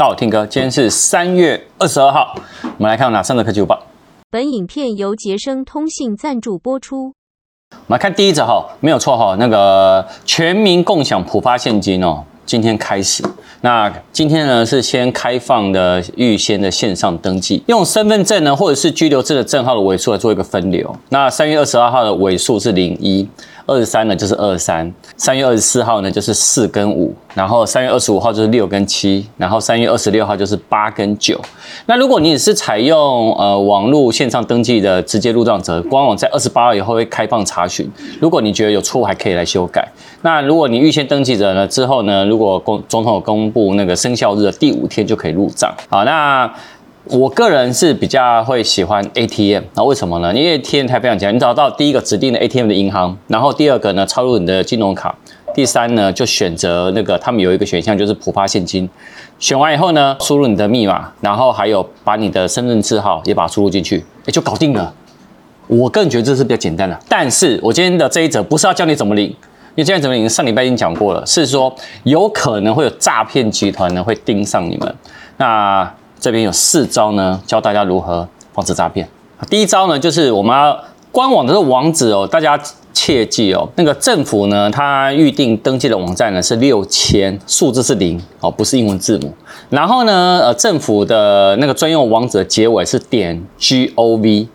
到我聽歌，今天是三月二十二號，我們來看哪三則科技午報。本影片由傑昇通信贊助播出。我們來看第一則哈，沒有錯哈，那個全民共享普發現金哦，今天開始。那今天呢，是先開放的預先的線上登記，用身份證呢或者是居留證的證號的尾數來做一個分流。那三月二十二號的尾數是零一。二十三呢，就是二十三；三月二十四號呢，就是四跟五；然後三月二十五號就是六跟七；然後三月二十六號就是八跟九。那如果你是採用呃網絡線上登記的直接入賬者，官網在二十八號以後會開放查詢。如果你覺得有錯誤，還可以來修改。那如果你預先登記者呢，之後呢，如果公總統公布那個生效日的第五天就可以入賬。好，那。我個人是比較會喜歡 ATM，然後為什麼呢？因為 ATM 它非常簡單，你找到第一個指定的 ATM 的銀行，然後第二個呢，插入你的金融卡，第三呢，就選擇那個他們有一個選項就是普發現金，選完以後呢，輸入你的密碼，然後還有把你的身份證號也把它輸入進去，也就搞定了。我個人覺得這是比較簡單的。但是我今天的這一則不是要教你怎麼領，因為今天怎麼領？上禮拜已經講過了，是說有可能會有詐騙集團呢會盯上你們，那。這邊有四招呢，教大家如何防止詐騙。第一招呢，就是我們要，官網的這個網址哦，大家切記哦，那個政府呢，它預定登記的網站呢，是六千，數字是零哦，不是英文字母。然後呢，呃，政府的那個專用網址的結尾是點 gov。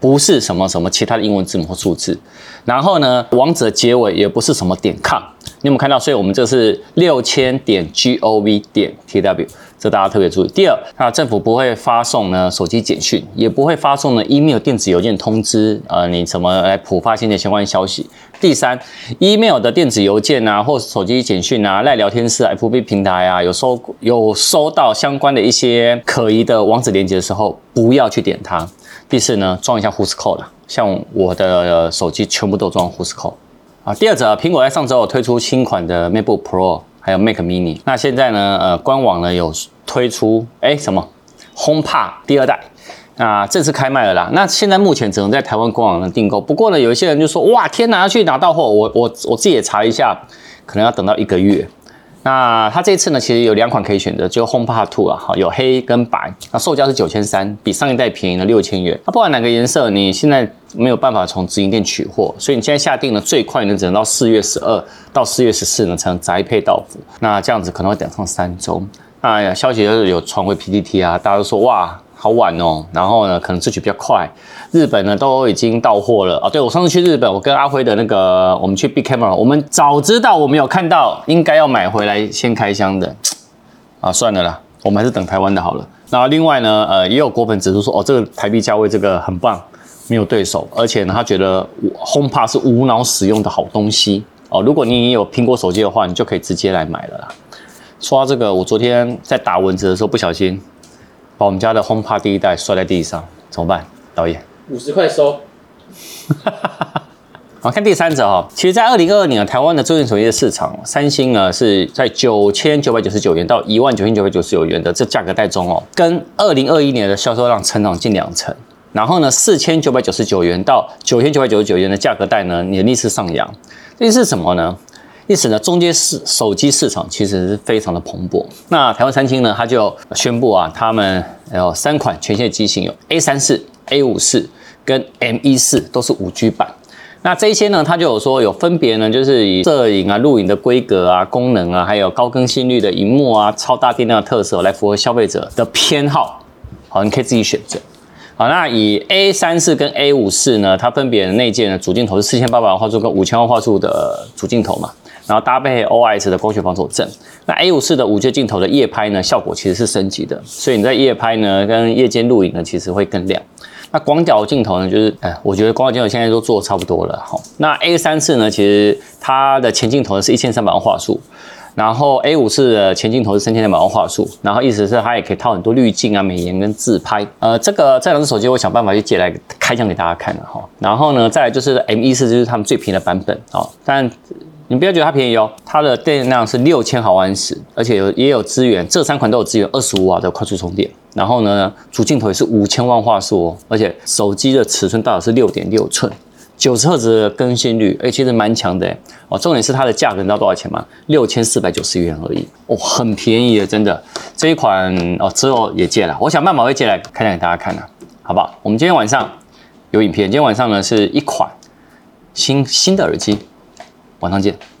不是什麼什麼其他的英文字母或數字，然後呢，網址結尾也不是什麼點 com，你有沒有看到？所以，我們這是六千點 gov 點 tw，這大家特別注意。第二，那政府不會發送呢手機簡訊，也不會發送呢 email 電子郵件通知，呃，你怎麼來普發現金的相關消息？第三，email 的電子郵件啊，或手機簡訊啊，賴聊天室、FB 平台啊，有收有收到相關的一些可疑的網址鏈接的時候，不要去點它。第四呢，裝一下 Whoscall 啦，像我的、呃、手機全部都裝 Whoscall 啊。第二則，蘋果在上周推出新款的 MacBook Pro，還有 Mac mini。那現在呢，呃，官網呢有推出，誒、欸，什麼 HomePod 第二代，那、啊、正式開賣了啦。那現在目前只能在台灣官網呢訂購。不過呢，有一些人就說，哇，天吶，要去拿到貨，我我我自己也查一下，可能要等到一個月。那它這一次呢，其實有兩款可以選擇，就 HomePod Two 啊，哈，有黑跟白，那售價是九千三，比上一代便宜了六千元。那不管哪個顏色，你現在沒有辦法從直營店取貨，所以你現在下定的最快呢，最快你能到四月十二到四月十四呢，才能宅配到府。那這樣子可能會等上三周。哎呀，消息就是有傳回 PTT 啊，大家都說哇。好晚哦，然後呢，可能自取比較快。日本呢都已經到貨了啊。對，我上次去日本，我跟阿輝的那個，我們去 Big Camera，我們早知道，我們有看到，應該要買回來先開箱的。啊，算了啦，我們還是等台灣的好了。那另外呢，呃，也有果粉指出說，哦，這個台幣價位這個很棒，沒有對手，而且呢，他覺得 HomePod 是無腦使用的好東西哦。如果你也有蘋果手機的話，你就可以直接來買了啦。說到這個，我昨天在打蚊子的時候不小心。把我們家的 HomePod 第一代摔在地上，怎麼辦？導演五十塊收。 好，看第三則哈、哦。其實，在二零二二年，台灣的智能手機市場，三星呢是在九千九百九十九元到一萬九千九百九十九元的這價格帶中哦，跟二零二一年的銷售量成長近兩成。然後呢，四千九百九十九元到九千九百九十九元的價格帶呢，年逆勢上揚，逆勢是什麼呢？因此呢，中間市手機市場其實是非常的蓬勃。那台灣三星呢，它就宣布啊，他們有三款全新機型，有 A 三四、A 五四跟 M 一四，都是五 G 版。那這一些呢，它就有說有分別呢，就是以攝影啊、錄影的規格啊、功能啊，還有高更新率的熒幕啊、超大電量的特色來符合消費者的偏好。好，你可以自己選擇。好，那以 A 三四跟 A 五四呢，它分別的內建的主鏡頭是四千八百萬畫素跟五千萬畫素的主鏡頭嘛。然後搭配 OIS 的光學防手震，那 A 五四的五階鏡頭的夜拍呢，效果其實是升級的，所以你在夜拍呢，跟夜間錄影呢，其實會更亮。那廣角鏡頭呢，就是，哎，我覺得廣角鏡頭現在都做的差不多了，哈。那 A 三四呢，其實它的前鏡頭是一千三百萬畫素，然後 A 五四的前鏡頭是三千兩百萬畫素，然後意思是它也可以套很多濾鏡啊、美顏跟自拍。呃，這個這兩隻手機，我想辦法去借來開箱給大家看，哈。然後呢，再來就是 M 一四，就是他們最便宜的版本，好，但。你不要覺得它便宜哦，它的電量是六千毫安時，而且有也有支援，這三款都有支援，二十五瓦的快速充電。然後呢，主鏡頭也是五千萬畫素哦，而且手機的尺寸大小是六點六寸，九十赫茲的更新率，哎，其實蠻強的誒哦。重點是它的價格，你知道多少錢嗎？六千四百九十元而已哦，很便宜的，真的。這一款哦，之後也借了，我想辦法會借來開箱給大家看的、啊，好不好？我們今天晚上有影片，今天晚上呢是一款新新的耳機。晚上見。